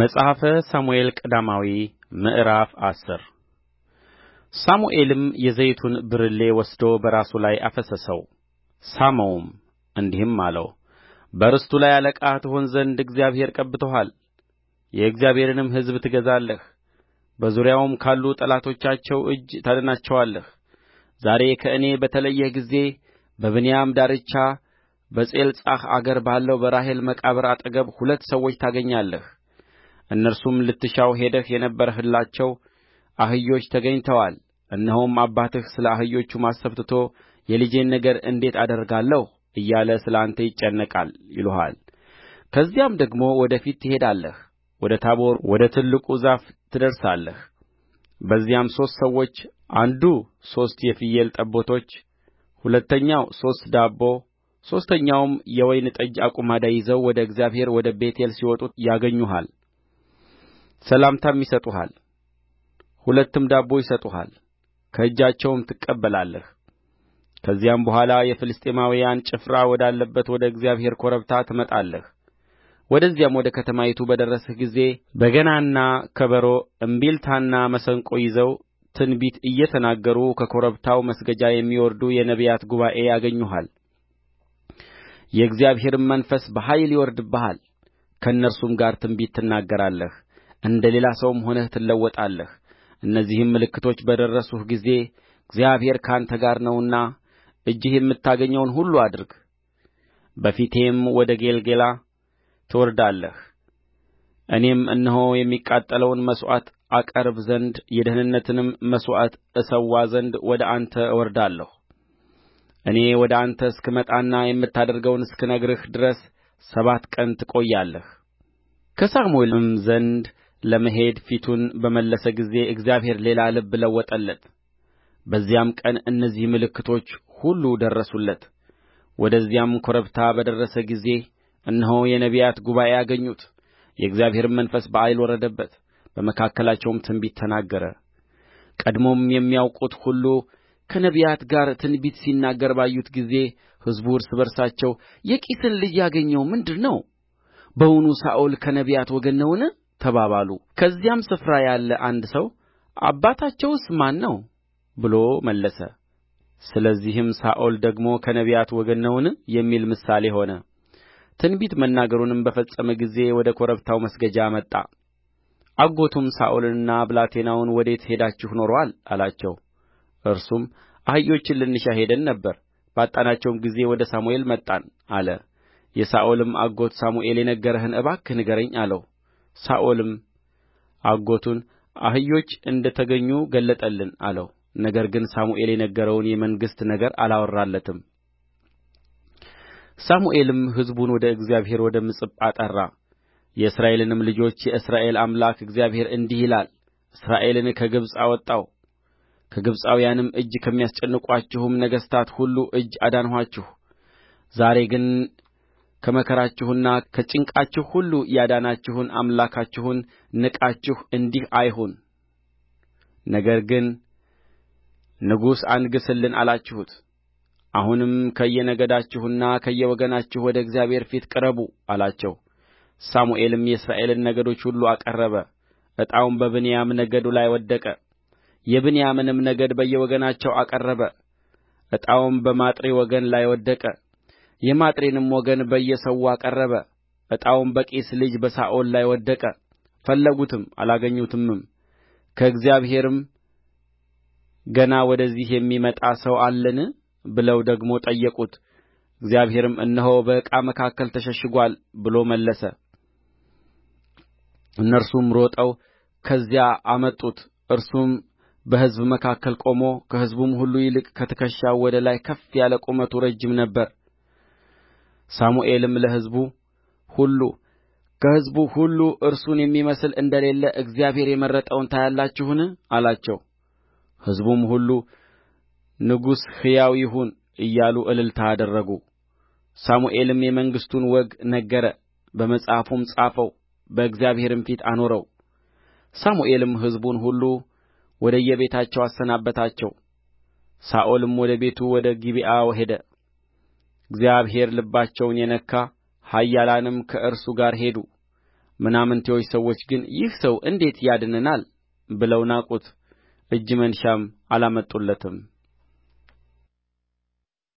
መጽሐፈ ሳሙኤል ቀዳማዊ ምዕራፍ አስር ሳሙኤልም የዘይቱን ብርሌ ወስዶ በራሱ ላይ አፈሰሰው ሳመውም፣ እንዲህም አለው፣ በርስቱ ላይ አለቃ ትሆን ዘንድ እግዚአብሔር ቀብቶሃል። የእግዚአብሔርንም ሕዝብ ትገዛለህ፣ በዙሪያውም ካሉ ጠላቶቻቸው እጅ ታድናቸዋለህ። ዛሬ ከእኔ በተለየህ ጊዜ በብንያም ዳርቻ በጼልጻህ አገር ባለው በራሔል መቃብር አጠገብ ሁለት ሰዎች ታገኛለህ። እነርሱም ልትሻቸው ሄደህ የነበርህላቸው አህዮች ተገኝተዋል እነሆም አባትህ ስለ አህዮቹ ማሰብ ትቶ የልጄን ነገር እንዴት አደርጋለሁ እያለ ስለ አንተ ይጨነቃል ይሉሃል ከዚያም ደግሞ ወደ ፊት ትሄዳለህ ወደ ታቦር ወደ ትልቁ ዛፍ ትደርሳለህ በዚያም ሦስት ሰዎች አንዱ ሦስት የፍየል ጠቦቶች ሁለተኛው ሦስት ዳቦ ሦስተኛውም የወይን ጠጅ አቁማዳ ይዘው ወደ እግዚአብሔር ወደ ቤቴል ሲወጡ ያገኙሃል ሰላምታም ይሰጡሃል ሁለትም ዳቦ ይሰጡሃል ከእጃቸውም ትቀበላለህ ከዚያም በኋላ የፍልስጥኤማውያን ጭፍራ ወዳለበት ወደ እግዚአብሔር ኮረብታ ትመጣለህ ወደዚያም ወደ ከተማይቱ በደረስህ ጊዜ በገናና ከበሮ እምቢልታና መሰንቆ ይዘው ትንቢት እየተናገሩ ከኮረብታው መስገጃ የሚወርዱ የነቢያት ጉባኤ ያገኙሃል። የእግዚአብሔርም መንፈስ በኃይል ይወርድብሃል፣ ከእነርሱም ጋር ትንቢት ትናገራለህ፣ እንደ ሌላ ሰውም ሆነህ ትለወጣለህ እነዚህም ምልክቶች በደረሱህ ጊዜ እግዚአብሔር ከአንተ ጋር ነውና እጅህ የምታገኘውን ሁሉ አድርግ በፊቴም ወደ ጌልገላ ትወርዳለህ እኔም እነሆ የሚቃጠለውን መሥዋዕት አቀርብ ዘንድ የደኅንነትንም መሥዋዕት እሠዋ ዘንድ ወደ አንተ እወርዳለሁ እኔ ወደ አንተ እስክመጣና የምታደርገውን እስክነግርህ ድረስ ሰባት ቀን ትቆያለህ ከሳሙኤልም ዘንድ ለመሄድ ፊቱን በመለሰ ጊዜ እግዚአብሔር ሌላ ልብ ለወጠለት በዚያም ቀን እነዚህ ምልክቶች ሁሉ ደረሱለት ወደዚያም ኮረብታ በደረሰ ጊዜ እነሆ የነቢያት ጉባኤ አገኙት የእግዚአብሔርም መንፈስ በኃይል ወረደበት በመካከላቸውም ትንቢት ተናገረ ቀድሞም የሚያውቁት ሁሉ ከነቢያት ጋር ትንቢት ሲናገር ባዩት ጊዜ ሕዝቡ እርስ በርሳቸው የቂስን ልጅ ያገኘው ምንድር ነው በውኑ ሳኦል ከነቢያት ወገን ነውን ተባባሉ ከዚያም ስፍራ ያለ አንድ ሰው አባታቸውስ ማን ነው ብሎ መለሰ ስለዚህም ሳኦል ደግሞ ከነቢያት ወገን ነውን የሚል ምሳሌ ሆነ ትንቢት መናገሩንም በፈጸመ ጊዜ ወደ ኮረብታው መስገጃ መጣ አጎቱም ሳኦልንና ብላቴናውን ወዴት ሄዳችሁ ኖሮአል አላቸው እርሱም አህዮችን ልንሻ ሄደን ነበር ባጣናቸውም ጊዜ ወደ ሳሙኤል መጣን አለ የሳኦልም አጎት ሳሙኤል የነገረህን እባክህ ንገረኝ አለው ሳኦልም አጎቱን አህዮች እንደ ተገኙ ገለጠልን አለው ነገር ግን ሳሙኤል የነገረውን የመንግሥት ነገር አላወራለትም ሳሙኤልም ሕዝቡን ወደ እግዚአብሔር ወደ ምጽጳ ጠራ የእስራኤልንም ልጆች የእስራኤል አምላክ እግዚአብሔር እንዲህ ይላል እስራኤልን ከግብፅ አወጣሁ ከግብፃውያንም እጅ ከሚያስጨንቋችሁም ነገሥታት ሁሉ እጅ አዳንኋችሁ ዛሬ ግን ከመከራችሁና ከጭንቃችሁ ሁሉ ያዳናችሁን አምላካችሁን ንቃችሁ እንዲህ አይሁን ነገር ግን ንጉሥ አንግሥልን አላችሁት አሁንም ከየነገዳችሁና ከየወገናችሁ ወደ እግዚአብሔር ፊት ቅረቡ አላቸው ሳሙኤልም የእስራኤልን ነገዶች ሁሉ አቀረበ ዕጣውም በብንያም ነገድ ላይ ወደቀ የብንያምንም ነገድ በየወገናቸው አቀረበ ዕጣውም በማጥሪ ወገን ላይ ወደቀ የማጥሬንም ወገን በየሰዉ አቀረበ ዕጣውም በቂስ ልጅ በሳኦል ላይ ወደቀ ፈለጉትም አላገኙትምም ከእግዚአብሔርም ገና ወደዚህ የሚመጣ ሰው አለን ብለው ደግሞ ጠየቁት እግዚአብሔርም እነሆ በዕቃ መካከል ተሸሽጎአል ብሎ መለሰ እነርሱም ሮጠው ከዚያ አመጡት እርሱም በሕዝብ መካከል ቆሞ ከሕዝቡም ሁሉ ይልቅ ከትከሻው ወደ ላይ ከፍ ያለ ቁመቱ ረጅም ነበረ ሳሙኤልም ለሕዝቡ ሁሉ ከሕዝቡ ሁሉ እርሱን የሚመስል እንደሌለ እግዚአብሔር የመረጠውን ታያላችሁን አላቸው ሕዝቡም ሁሉ ንጉሥ ሕያው ይሁን እያሉ እልልታ አደረጉ ሳሙኤልም የመንግሥቱን ወግ ነገረ በመጽሐፍም ጻፈው በእግዚአብሔርም ፊት አኖረው ሳሙኤልም ሕዝቡን ሁሉ ወደየቤታቸው አሰናበታቸው ሳኦልም ወደ ቤቱ ወደ ጊብዓ ሄደ እግዚአብሔር ልባቸውን የነካ ኃያላንም ከእርሱ ጋር ሄዱ ምናምንቴዎች ሰዎች ግን ይህ ሰው እንዴት ያድነናል ብለው ናቁት እጅ መንሻም አላመጡለትም